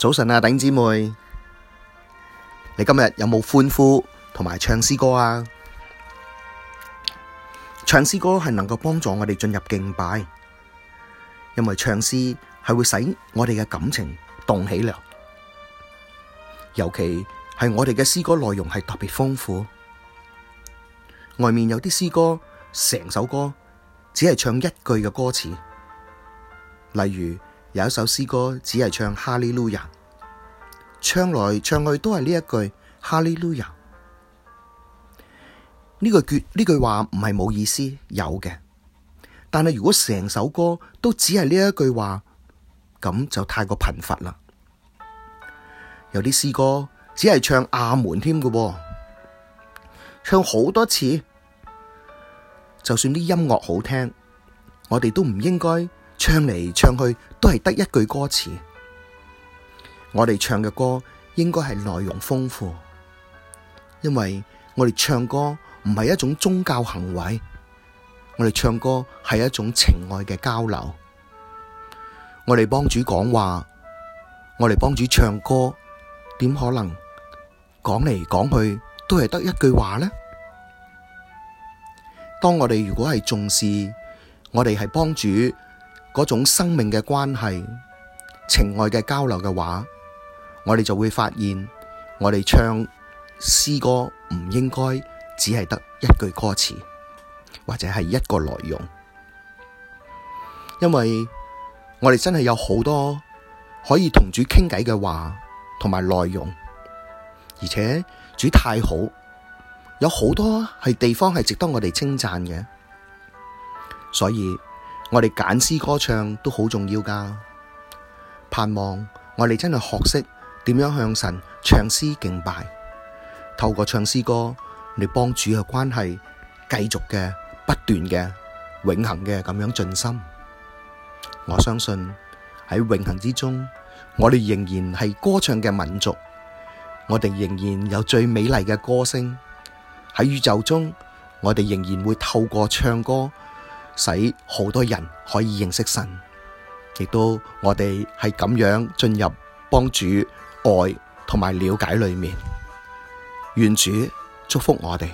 早晨啊，弟兄姊妹，你今日有冇歡呼同埋唱詩歌啊？唱詩歌係能夠幫助我哋進入敬拜，因為唱詩係會使我哋嘅感情動起來，尤其係我哋嘅詩歌內容係特別豐富。外面有啲詩歌，成首歌只係唱一句嘅歌詞，例如。有一首詩歌只係唱哈利路亞，唱來唱去都係呢一句哈利路亞。呢句呢句話唔係冇意思，有嘅。但係如果成首歌都只係呢一句話，咁就太過頻繁啦。有啲詩歌只係唱阿門添嘅，唱好多次，就算啲音樂好聽，我哋都唔應該。唱嚟唱去都係得一句歌詞，我哋唱嘅歌應該係內容豐富，因為我哋唱歌唔係一種宗教行為，我哋唱歌係一種情愛嘅交流。我哋幫主講話，我哋幫主唱歌，點可能講嚟講去都係得一句話呢？當我哋如果係重視，我哋係幫主。嗰種生命嘅關係、情愛嘅交流嘅話，我哋就會發現，我哋唱詩歌唔應該只係得一句歌詞或者係一個內容，因為我哋真係有好多可以同主傾偈嘅話同埋內容，而且主太好，有好多係地方係值得我哋稱讚嘅，所以。我哋揀詩歌唱都好重要㗎，盼望我哋真係學識點樣向神唱詩敬拜，透過唱詩歌你幫主嘅關係，繼續嘅不斷嘅永恒嘅咁樣盡心。我相信喺永恒之中，我哋仍然係歌唱嘅民族，我哋仍然有最美麗嘅歌聲，喺宇宙中，我哋仍然會透過唱歌。使好多人可以認識神，亦都我哋係咁樣進入幫主愛同埋了解裏面，願主祝福我哋。